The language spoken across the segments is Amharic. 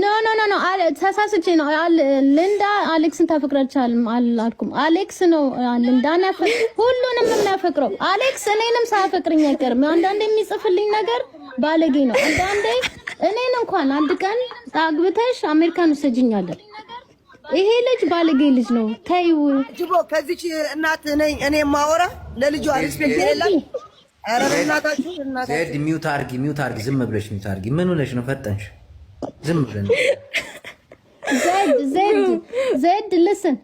ኖ ኖ ኖ ኖ ተሳስቼ ነው። ልንዳ አሌክስን ታፈቅረቻልም አላልኩም። አሌክስ ነው ልንዳ ሁሉንም የምናፈቅረው። አሌክስ እኔንም ሳያፈቅርኝ አይቀርም። አንዳንዴ የሚጽፍልኝ ነገር ባለጌ ነው። አንዳንዴ እኔን እንኳን አንድ ቀን አግብተሽ አሜሪካን ውሰጅኛለን። ይሄ ልጅ ባለጌ ልጅ ነው። ተይው ጅቦ ከዚች እናት ነኝ እኔ ማወራ ለልጇ ሪስፔክት የለም። ሚውት አድርጊ፣ ሚውት አድርጊ፣ ዝም ብለሽ ሚውት አድርጊ። ምን ሆነሽ ነው ፈጠንሽ? ዝም ብለን ዘድ ዘድ ዘድ ልስን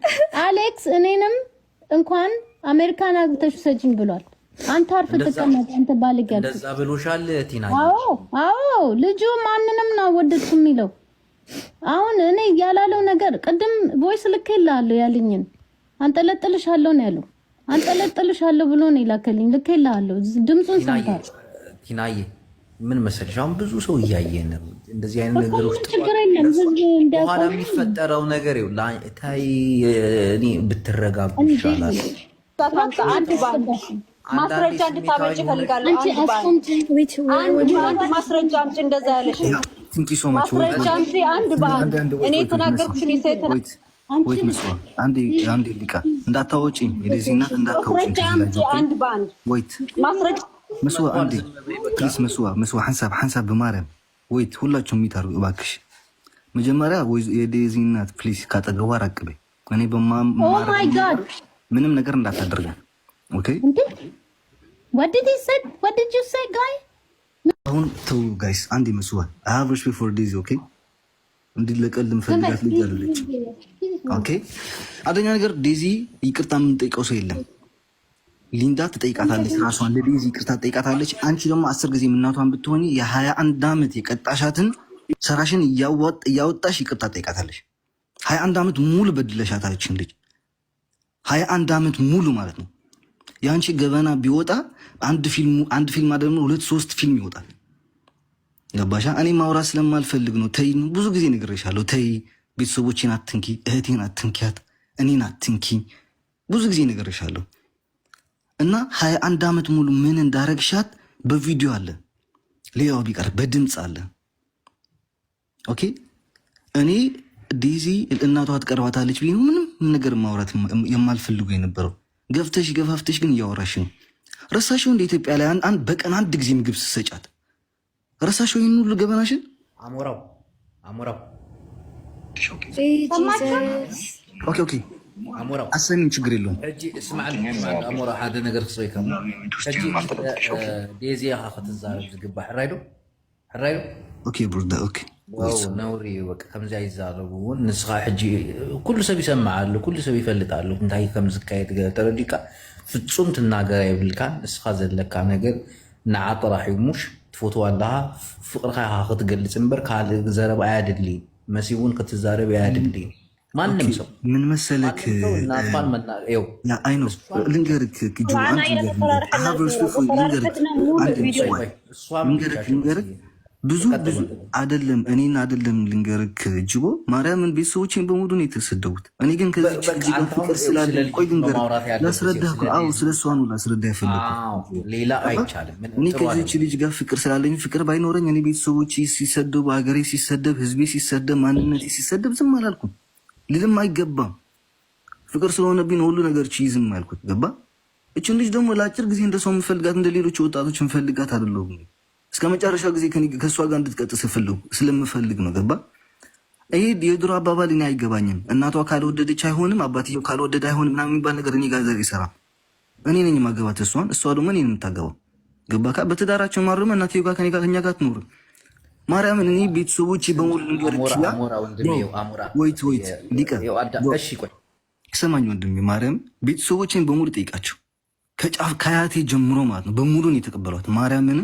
አሌክስ እኔንም እንኳን አሜሪካን አግብተሽ ውሰጂኝ ብሏል። አንተ አርፍ ተቀመጥ፣ አንተ ባልገል እንደዛ ብሎሻል ቲና? አዎ አዎ፣ ልጁ ማንንም ነው ወደድኩ የሚለው አሁን እኔ ያላለው ነገር ቅድም ቮይስ ልኬልሃለሁ ያልኝን አንጠለጥልሻለሁ ነው ያለው። አንጠለጥልሻለሁ ብሎ ነው ይላከልኝ። ልኬልሃለሁ ድምፁን ሰምታል ቲናዬ ምን መሰለሽ፣ አሁን ብዙ ሰው እያየ ነው እንደዚህ አይነት ነገር ውስጥ በኋላ የሚፈጠረው ነገር ታይ እኔ ብትረጋጉ ይሻላል። ማስረጃ እንድታመጭ እፈልጋለሁ። አንድ ማስረጃ አምጪ። እንደዛ ያለሽ ማስረጃ አምጪ። አንድ በአንድ እኔ የተናገርኩሽን የሰት ወይት መስዋ አንድ አንድ ሊቃ እንዳታወጪ የዚህ እንዳታወጪ አንድ በአንድ ወይት ማስረጃ መስዋ አንዴ ፕሊስ፣ መስዋ መስዋ፣ ሐንሳብ ሐንሳብ፣ በማርያም ወይት፣ ሁላችሁም የሚታሩ እባክሽ፣ መጀመሪያ የዴዚ እናት ፕሊስ፣ ካጠገቧ ራቅ በይ። እኔ oh ምንም ነገር እንዳታደርገን። ኦኬ አሁን ተው ጋይስ፣ አንዴ መስዋ አሃቭ ሪስፔክት ፎር ዴዚ ኦኬ። እንዲለቀል ምፈልጋት ልጅ አለች። ኦኬ፣ አንደኛ ነገር ዴዚ ይቅርታ የምንጠይቀው ሰው የለም ሊንዳ ትጠይቃታለች፣ ራሷን ለዴዚ ይቅርታ ትጠይቃታለች። አንቺ ደግሞ አስር ጊዜ እናቷን ብትሆኒ የሀያ አንድ ዓመት የቀጣሻትን ስራሽን እያወጣሽ ይቅርታ ትጠይቃታለች። ሀያ አንድ ዓመት ሙሉ በድለሻታችን ልጅ ሀያ አንድ ዓመት ሙሉ ማለት ነው። የአንቺ ገበና ቢወጣ አንድ ፊልም ደግሞ ሁለት ሶስት ፊልም ይወጣል። ገባሻ? እኔ ማውራት ስለማልፈልግ ነው። ተይ ብዙ ጊዜ ነግሬሻለሁ። ተይ ቤተሰቦችን አትንኪ፣ እህቴን አትንኪያት፣ እኔን አትንኪ። ብዙ ጊዜ ነግሬሻለሁ። እና ሀያ አንድ ዓመት ሙሉ ምን እንዳረግሻት በቪዲዮ አለ፣ ሌላው ቢቀር በድምፅ አለ። ኦኬ እኔ ዴዚ እናቷ ትቀርባታለች ብዬ ምንም ነገር ማውራት የማልፈልጉ የነበረው ገፍተሽ ገፋፍተሽ ግን እያወራሽ ነው። ረሳሽው እንደ ኢትዮጵያ ላይ አንድ በቀን አንድ ጊዜ ምግብ ስሰጫት ረሳሽው ይህን ሁሉ ገበናሽን አሞራው አሞራው ኦኬ ኦኬ አሰኒም ችግር የለውም። ኣሞራ ሓደ ነገር ክስበይከ ዴዝያ ካ ክትዛረብ ዝግባእ ሕራይ ዶ ሕራይ ዶ ነውሪ ከምዚ ይዛረቡ እውን ንስኻ ሕጂ ኩሉ ሰብ ይሰምዓ ኩሉ ሰብ ይፈልጥ እንታይ ከም ዝካየድ ተረዲካ ፍፁም ትናገር የብልካን ንስኻ ዘለካ ነገር ንዓ ሙሽ ትፎትዋ ኣለካ ፍቅርካ ካ ክትገልፅ እምበር ካልእ ዘረባ ኣያድሊ መሲ እውን ክትዛረብ ኣያድሊ ማንም ሰው ምን መሰለክ ልንገርክ ብዙ ብዙ አይደለም እኔን አደለም ልንገርክ ጅቦ ማርያምን ቤተሰቦችን በሙሉ ነው የተሰደቡት። እኔ ግን ከዚች ልጅ ጋር ፍቅር ስላለ ቆይ ልንገርህ ላስረዳህ። አዎ ስለ እሷ ነው ላስረዳህ የፈለኩት። እኔ ከዚች ልጅ ጋር ፍቅር ስላለኝ ፍቅር ባይኖረኝ እኔ ቤተሰቦች ሲሰደቡ፣ ሀገሬ ሲሰደብ፣ ህዝቤ ሲሰደብ፣ ማንነት ሲሰደብ ዝም አላልኩም። ልልም አይገባም። ፍቅር ስለሆነብኝ ሁሉ ነገር ችይዝም አልኩት። ገባ እችን ልጅ ደግሞ ለአጭር ጊዜ እንደ ሰው የምፈልጋት እንደ ሌሎች ወጣቶች የምፈልጋት አይደለሁም። እስከ መጨረሻ ጊዜ ከእሷ ጋር እንድትቀጥል ስለምፈልግ ነው። ገባ ይሄ የድሮ አባባል እኔ አይገባኝም። እናቷ ካልወደደች አይሆንም፣ አባትየው ካልወደደ አይሆንም ምናምን የሚባል ነገር እኔ ጋር ይሰራ። እኔ ነኝ ማገባት እሷን፣ እሷ ደግሞ እኔ የምታገባው ገባ። በትዳራቸው ማረመ እናትየው ጋር ከኛ ጋር ትኖርም ማርያምን እኔ ቤተሰቦቼ በሙሉ ነገር ወይት ወይት ሊቀ ሰማኝ ወንድሜ ማርያም ቤተሰቦቼን በሙሉ ጠይቃቸው ከጫፍ ከአያቴ ጀምሮ ማለት ነው በሙሉ ነው የተቀበሏት። ማርያምን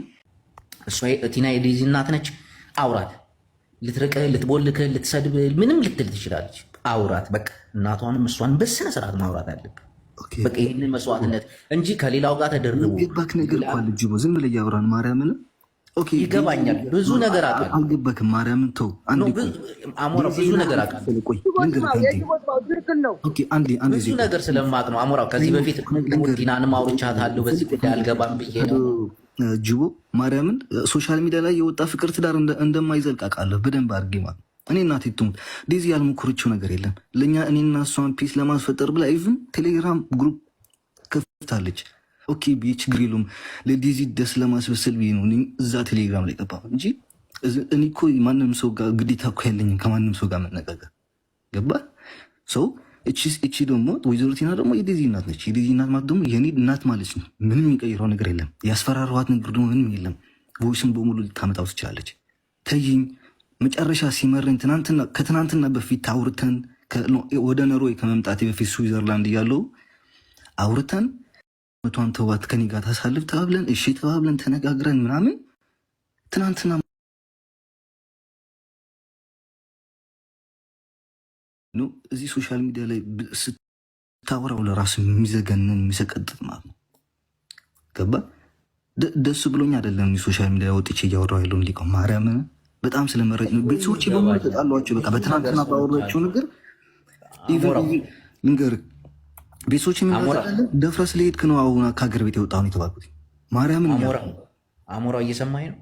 እሷ ቲና የዴዚ እናት ነች። አውራት ልትርቅ፣ ልትቦልክ፣ ልትሰድብ፣ ምንም ልትል ትችላለች። አውራት በቃ እናቷንም እሷን በስነ ስርዓት ማውራት አለብህ። በቃ ይህንን መስዋዕትነት እንጂ ከሌላው ጋር ባክ ነገር ልጅ ዝም ብለህ እያወራን ማርያምን ይገባኛል። ብዙ ነገር አውቃለሁ። አልገባክም። ማርያምን ተው። አሞራው ብዙ ነገር አውቃለሁ። ብዙ ነገር ስለማቅ ነው። አሞራው ከዚህ በፊት ሙዲናንም አውርቻታለሁ። በዚህ ጉዳይ አልገባም ብዬ ነው። ጅቦ ማርያምን ሶሻል ሚዲያ ላይ የወጣ ፍቅር ትዳር እንደማይዘልቅ አውቃለሁ በደንብ አድርጌ ማለት እኔ እናቴ ትሙት ዴዚ ያልሞከረችው ነገር የለም። ለእኛ እኔና እሷን ፒስ ለማስፈጠር ብላ ኢቭን ቴሌግራም ግሩፕ ከፍታለች። ኦኬ ብዬ ችግር የለውም ለዴዚ ደስ ለማስበሰል ብዬ ነው እዛ ቴሌግራም ላይ ገባ እንጂ እኔ እኮ ማንም ሰው ጋር ግዴታ እኮ ያለኝም ከማንም ሰው ጋር መነጋገር ገባ ሰው እቺ ደግሞ ወይዘሮ ቲና ደግሞ የዲዚ እናት ነች። የዲዚ እናት ማለት ደግሞ የኔ እናት ማለች ነው። ምንም የሚቀይረው ነገር የለም። ያስፈራረዋት ነገር ደግሞ ምንም የለም። ቮይስን በሙሉ ልታመጣው ትችላለች። ተይኝ መጨረሻ ሲመረኝ ከትናንትና በፊት አውርተን ወደ ኖርዌይ ከመምጣቴ በፊት ስዊዘርላንድ እያለው አውርተን መቷን ተዋት ከኔ ጋር ታሳልፍ ተባብለን እሺ ተባብለን ተነጋግረን ምናምን ትናንትና ነው እዚህ ሶሻል ሚዲያ ላይ ስታወራው ለራሱ የሚዘገንን የሚሰቀጥጥ ማለት ነው። ገባ ደስ ብሎኝ አይደለም ሶሻል ሚዲያ ወጥቼ እያወራሁ ያለው እንዲቀው ማርያም በጣም ስለመረ ቤተሰቦች በሙሉ ተጣሏቸው። በቃ በትናንትና ባወራቸው ነገር ንገር ቤቶች ደፍረስ ለሄድክ ነው አሁን ከሀገር ቤት የወጣ ነው የተባልኩት። ማርያምን አሞራው እየሰማኝ ነው።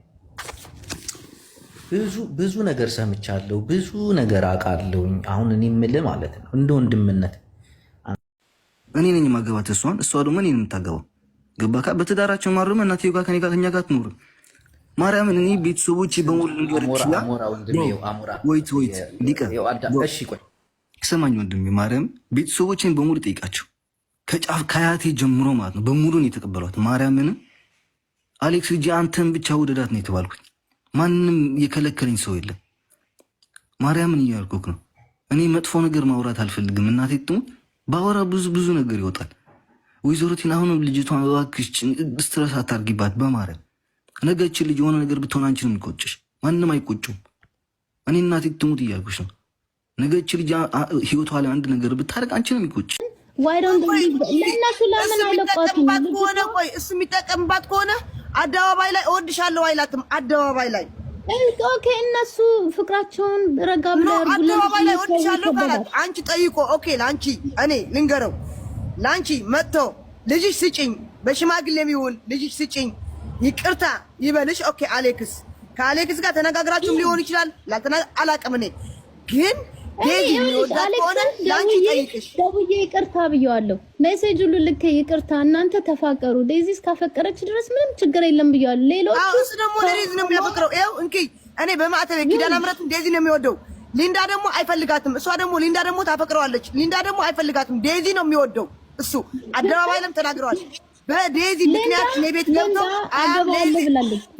ብዙ ብዙ ነገር ሰምቻለሁ፣ ብዙ ነገር አውቃለሁ። አሁን እኔ የምልህ ማለት ነው እንደ ወንድምነት እኔ ነኝ ማገባት እሷን፣ እሷ ደግሞ እኔ የምታገባው ገባካ። በትዳራችን ማርም እናትዬ ጋር ከኔ ጋር ከኛ ጋር ትኖርም ማርያምን እኔ ቤተሰቦች በሙሉ እንዲወር ይችላል። ወይት ወይት ሊቀር ሰማኝ ወንድሜ ማርያም ቤተሰቦችን በሙሉ ጠይቃቸው ከጫፍ ከአያቴ ጀምሮ ማለት ነው በሙሉ ነው የተቀበሏት። ማርያምን አሌክስ ልጅ አንተን ብቻ ውደዳት ነው የተባልኩኝ። ማንም የከለከለኝ ሰው የለም። ማርያምን እያልኩክ ነው። እኔ መጥፎ ነገር ማውራት አልፈልግም። እናቴ ትሙት በአወራ ብዙ ብዙ ነገር ይወጣል። ወይዘሮቴን አሁንም ልጅቷን እባክሽ ስትረስ አታርጊባት በማርያም ነገችን ልጅ የሆነ ነገር ብትሆን አንቺ የሚቆጭሽ። ማንም አይቆጩም። እኔ እናቴ ትሙት እያልኩሽ ነው። ነገች ልጅ ህይወቷ ላይ አንድ ነገር ብታደርግ አንቺ የሚቆጭሽ። ለእነሱ ለምን አይለቋትም? ከሆነ ቆይ እሱ የሚጠቀምባት ከሆነ አደባባይ ላይ እወድሻለሁ አይላትም። አደባባይ ላይ ኦኬ፣ እነሱ ፍቅራቸውን ረጋ ብለው አደባባይ ላይ እወድሻለሁ ካላት አንቺ ጠይቆ ኦኬ፣ ለአንቺ እኔ ልንገረው፣ ለአንቺ መጥቶ ልጅሽ ስጭኝ፣ በሽማግሌ ይሁን ልጅሽ ስጭኝ፣ ይቅርታ ይበልሽ። ኦኬ፣ አሌክስ ከአሌክስ ጋር ተነጋግራችሁም ሊሆን ይችላል፣ አላቅም እኔ ግን ደውዬ ይቅርታ ብየዋለሁ። ሜሴጅ ሁሉ ልክ ይቅርታ፣ እናንተ ተፋቀሩ፣ ዴዚ እስካፈቀረች ድረስ ምንም ችግር የለም ብየዋለሁ። ሌሎቹ እሱ ደግሞ ዴዚ ነው የሚያፈቅረው። ይኸው እንኪ እኔ በማዕተቤ ኪዳነ ምሕረትን ዴዚ ነው የሚወደው። ሊንዳ ደግሞ አይፈልጋትም። እሷ ደግሞ ሊንዳ ደግሞ ታፈቅረዋለች። ሊንዳ ደግሞ አይፈልጋትም። ዴዚ ነው የሚወደው እሱ። አደባባይ ለም ተናግረዋል። በዴዚ ምክንያት እኔ ቤት ገብተው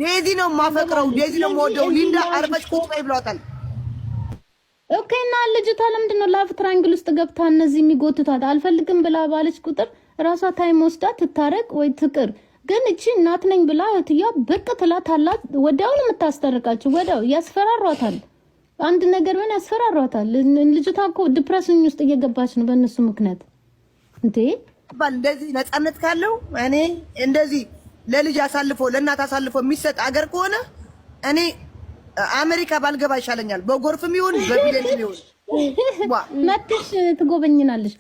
ዴዚ ነው የማፈቅረው፣ ዴዚ ነው የምወደው፣ ሊንዳ አርፈሽ ቁጭ በይ ብለዋታል። ኦኬ እና ልጅቷ ለምንድን ነው ላቭ ትራንግል ውስጥ ገብታ እነዚህ የሚጎትቷት? አልፈልግም ብላ ባለች ቁጥር ራሷ ታይም ወስዳ ትታረቅ ወይ ትቅር። ግን እቺ እናት ነኝ ብላ እህትያ ብቅ ትላታላት። ወዲያውኑ የምታስታርቃቸው ወዲያው ያስፈራሯታል። አንድ ነገር ምን ያስፈራሯታል። ልጅቷ እኮ ዲፕሬሽን ውስጥ እየገባች ነው በእነሱ ምክንያት። እንዴ እንደዚህ ነጻነት ካለው እኔ እንደዚህ ለልጅ አሳልፎ ለእናት አሳልፎ የሚሰጥ አገር ከሆነ እኔ አሜሪካ ባልገባ ይሻለኛል። በጎርፍም ይሁን በቢለንም ይሁን መጥሽ ትጎበኝናለሽ።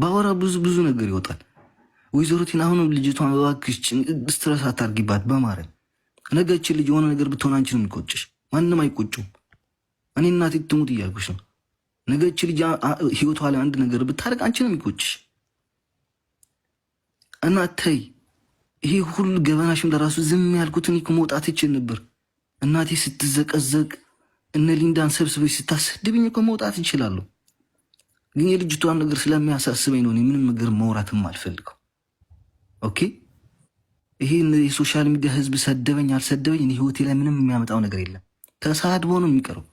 በአወራ ብዙ ብዙ ነገር ይወጣል። ወይዘሮቲን አሁንም ልጅቷን እባክሽ ስትረስ አታርጊባት በማርያም ነገችን ልጅ የሆነ ነገር ብትሆን አንቺን የሚቆጭሽ ማንም አይቆጩም። እኔ እናቴ ትሙት እያልኩሽ ነው። ነገች ልጅ ህይወቷ ላይ አንድ ነገር ብታደርግ አንቺን የሚቆጭሽ እና ተይ። ይሄ ሁሉ ገበናሽም ለራሱ ዝም ያልኩትን መውጣት ይችል ነበር። እናቴ ስትዘቀዘቅ እነ ሊንዳን ሰብስበች ስታሰድብኝ እኮ መውጣት እንችላለሁ፣ ግን የልጅቷን ነገር ስለሚያሳስበኝ ነው ምንም ነገር መውራትም አልፈልገው። ኦኬ ይሄ የሶሻል ሚዲያ ህዝብ ሰደበኝ አልሰደበኝ ህይወቴ ላይ ምንም የሚያመጣው ነገር የለም። ተሳድቦ ነው የሚቀረው።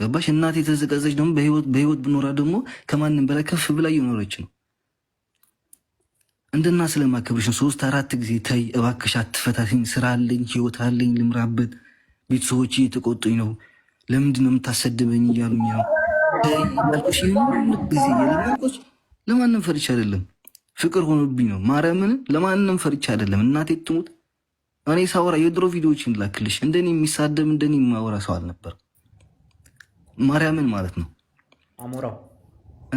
ገባሽ? እናቴ የተዘቀዘች ደግሞ በህይወት ብኖራ ደግሞ ከማንም በላይ ከፍ ብላ እየኖረች ነው። እንደና ስለማከብርሽ ነው ሶስት አራት ጊዜ ታይ እባክሽ አትፈታትኝ፣ ስራ አለኝ፣ ህይወት አለኝ ልምራበት ቤተሰቦች የተቆጡኝ ነው። ለምንድን ነው የምታሰድበኝ እያሉኝ ነው ያልኩሽ። ጊዜ ለማንም ፈርቻ አይደለም፣ ፍቅር ሆኖብኝ ነው። ማርያምን ለማንም ፈርቻ አይደለም። እናቴ ትሙት፣ እኔ ሳወራ የድሮ ቪዲዮዎችን ላክልሽ። እንደኔ የሚሳደብ እንደኔ የማወራ ሰው አልነበር። ማርያምን ማለት ነው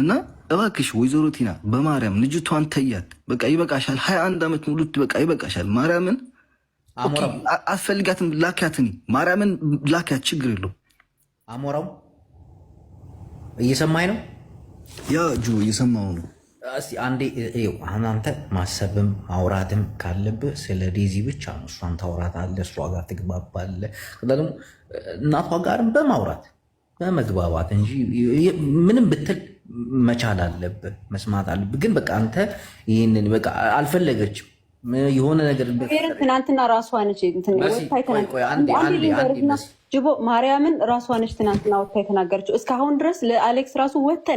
እና እባክሽ ወይዘሮ ቲና በማርያም ልጅቷን ተያት፣ በቃ ይበቃሻል። ሀያ አንድ ዓመት ሙሉት በቃ ይበቃሻል። ማርያምን አፈልጋትም ላኪያትኒ ማርያምን ላኪያት፣ ችግር የለው። አሞራው እየሰማኝ ነው። ያ እጁ እየሰማው ነው። እስቲ አንዴ አንተ ማሰብም ማውራትም ካለብህ ስለ ዴዚ ብቻ ነው። እሷን ታውራት አለ እሷ ጋር ትግባባለህ። ከዛ ደግሞ እናቷ ጋርም በማውራት በመግባባት እንጂ ምንም ብትል መቻል አለብህ፣ መስማት አለብህ። ግን በቃ አንተ ይህንን በቃ አልፈለገችም የሆነ ነገር ትናንትና ራሷ ነች ጅቦ ማርያምን ራሷ ነች ትናንትና ወታ የተናገረችው። እስካሁን ድረስ ለአሌክስ ራሱ ወተ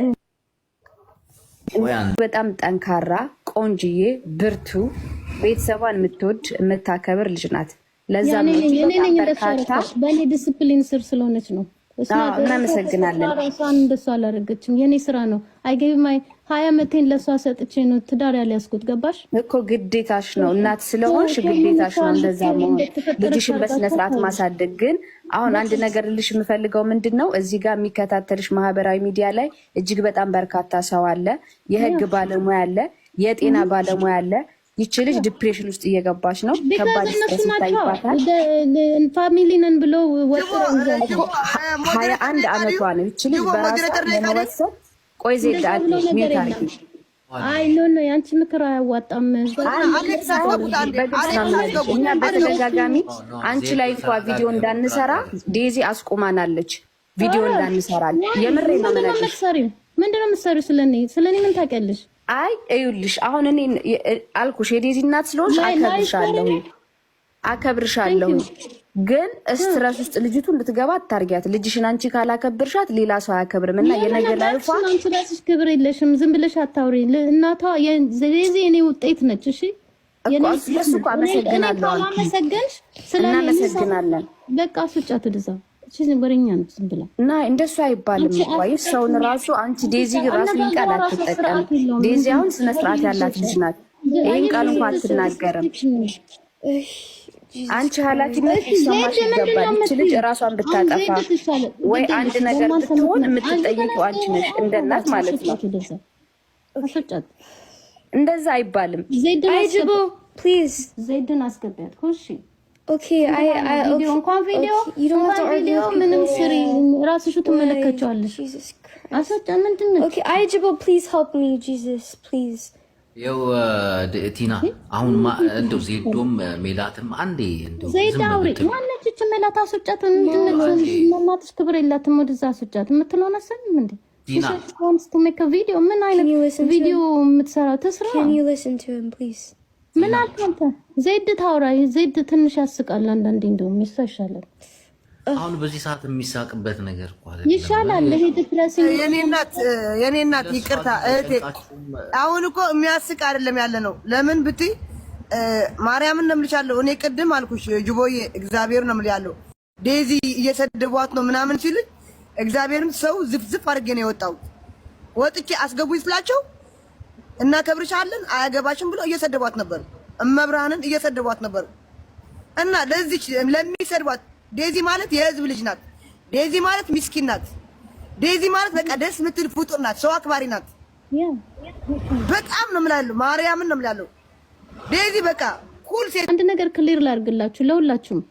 በጣም ጠንካራ ቆንጅዬ፣ ብርቱ ቤተሰቧን የምትወድ የምታከብር ልጅ ናት። ለዛ በእኔ ዲስፕሊን ስር ስለሆነች ነው እናመሰግናለን። እሷን አላደረገችም። የኔ ስራ ነው። አይገቢ ማይ ሀያ ዓመቴን ለእሷ ሰጥቼ ነው ትዳር ያልያዝኩት። ገባሽ እኮ ግዴታሽ ነው። እናት ስለሆንሽ ግዴታሽ ነው እንደዛ መሆን፣ ልጅሽን በስነስርዓት ማሳደግ። ግን አሁን አንድ ነገር የምፈልገው ምንድን ነው፣ እዚህ ጋር የሚከታተልሽ ማህበራዊ ሚዲያ ላይ እጅግ በጣም በርካታ ሰው አለ። የህግ ባለሙያ አለ፣ የጤና ባለሙያ አለ ይቺ ልጅ ዲፕሬሽን ውስጥ እየገባች ነው። ከባድ ስትረስ ይታይባታል። ፋሚሊ ነን ብሎ ሀያ አንድ አመቷ ነው። ይች ልጅ በራሷ ለመወሰን ቆይ ዜዳ ሚዩት አይ ኖ ኖ የአንቺ ምክር አያዋጣም። እኛ በተደጋጋሚ አንቺ ላይ እንኳ ቪዲዮ እንዳንሰራ ዴዚ አስቁማናለች። ቪዲዮ እንዳንሰራል የምሬ ነው። ምንድነው የምትሰሪው? ስለኔ ስለኔ ምን ታውቂያለሽ? አይ እዩልሽ፣ አሁን እኔ አልኩሽ የዴዚ እናት ስለሆንሽ አከብርሻለሁ አከብርሻለሁ፣ ግን ስትረስ ውስጥ ልጅቱ እንድትገባ አታርጊያት። ልጅሽን አንቺ ካላከብርሻት ሌላ ሰው አያከብርም። እና የነገር ላይፏ ራስሽ ክብር የለሽም። ዝም ብለሽ አታውሪ። እናቷ ዴዚ የኔ ውጤት ነች። እሺ እሱ እኮ አመሰግናለሁ። እናመሰግናለን። በቃ ሱጫ ድዛ ዘንበረኛ ነው ዝም ብላ እና እንደሱ አይባልም። ባይ ሰውን ራሱ አንቺ ዴዚ ራሱ ይቃል አትጠቀም። ዴዚ አሁን ስነስርዓት ያላት ልጅ ናት። ይህን ቃል እንኳ አትናገርም። አንቺ ኃላፊነት ሊሰማሽ ይገባል። ይች ልጅ ራሷን ብታጠፋ ወይ አንድ ነገር ብትሆን የምትጠይቁ አንቺ ነሽ፣ እንደናት ማለት ነው። እንደዛ አይባልም። አይጅቦ ዘይድን አስገቢያት እሺ እንኳን ቪዲዮ ምንም ስሪ ራስሽ ትመለከቸዋለሽ። ምንድን ነው ይኸው ቲና አሁን እንደው ዜዶም ሜላትም አንዴ ዜዳ አውሪ ማነች ይህች ሜላት አስወጫት። እናትሽ ክብር የላትም ወደዛ አስወጫት የምትለው መሰለኝ እንዴ ቪዲዮ ምን አይነት ቪዲዮ የምትሰራው ትስራ ምን አልከንተ ዘይድ ታውራ ዜድ ትንሽ ያስቃል። አንዳንዴ እንደውም ይሳ ይሻላል። አሁን በዚህ ሰዓት የሚሳቅበት ነገር ይሻላል። ሄድ ዲፕሬሲንግ የኔ እናት ይቅርታ እህቴ፣ አሁን እኮ የሚያስቅ አይደለም ያለ ነው። ለምን ብት ማርያምን ነው የምልሻለሁ። እኔ ቅድም አልኩሽ ጅቦዬ፣ እግዚአብሔር ነው የምልያለሁ። ዴዚ እየሰደቧት ነው ምናምን ሲልኝ እግዚአብሔርም ሰው ዝፍዝፍ አድርጌ ነው የወጣው። ወጥቼ አስገቡኝ ስላቸው እናከብርሻለን አያገባሽም ብሎ እየሰደቧት ነበር። እመብርሃንን እየሰደቧት ነበር። እና ለዚች ለሚሰድቧት ዴዚ ማለት የህዝብ ልጅ ናት። ዴዚ ማለት ሚስኪን ናት። ዴዚ ማለት በቃ ደስ የምትል ፍጡር ናት። ሰው አክባሪ ናት። በጣም ነው የምላለው፣ ማርያምን ነው የምላለው። ዴዚ በቃ ኩል ሴት። አንድ ነገር ክሊር ላድርግላችሁ ለሁላችሁም፣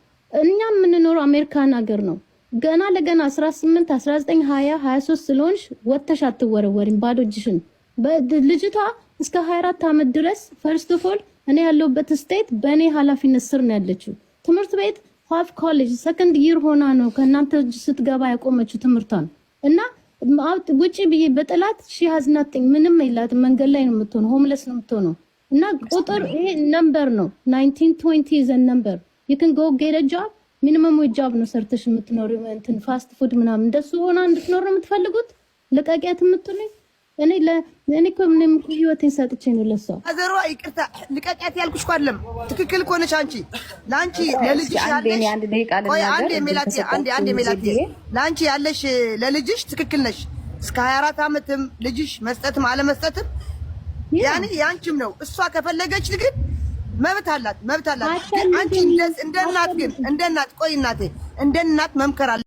እኛ የምንኖረው አሜሪካን ሀገር ነው። ገና ለገና 18 19 20 23 ስለሆንሽ ወተሽ አትወረወሪም ባዶ እጅሽን ልጅቷ እስከ 24 ዓመት ድረስ ፈርስት ኦፍ ኦል እኔ ያለሁበት ስቴት በእኔ ኃላፊነት ስር ነው ያለችው። ትምህርት ቤት ሀፍ ኮሌጅ ሰከንድ ይር ሆና ነው ከእናንተ እጅ ስትገባ ያቆመችው ትምህርቷን እና ውጭ ብዬ በጥላት ሺ ሀዝ ናቲንግ ምንም የላት መንገድ ላይ ነው የምትሆነው፣ ሆምለስ ነው የምትሆነው። እና ቁጥር ይሄ ነምበር ነው። ናይንቲን ትዌንቲ ዘን ነምበር ይክን ጎ ጌደ ጃብ ሚኒመም ጃብ ነው ሰርተሽ የምትኖር እንትን ፋስት ፉድ ምናምን እንደሱ ሆና እንድትኖር ነው የምትፈልጉት። ልቀቂያት የምትሉኝ እኔ ለእኔ እኮ ምንም ህይወቴን ሰጥቼ ነው ለሷ። አዘሯ ይቅርታ ልቀቂያት ያልኩሽ እኮ አይደለም። ትክክል እኮ ነሽ አንቺ። ለአንቺ ለልጅሽ ያለሽ አንድ ደቂቃ ለአንቺ ያለሽ ለልጅሽ ትክክል ነሽ። እስከ 24 ዓመትም ልጅሽ መስጠትም አለመስጠትም ያኔ ያንቺም ነው። እሷ ከፈለገች ግን መብት አላት፣ መብት አላት። አንቺ እንደ እናት ግን እንደ እናት ቆይ እናቴ እንደ እናት መምከር አለ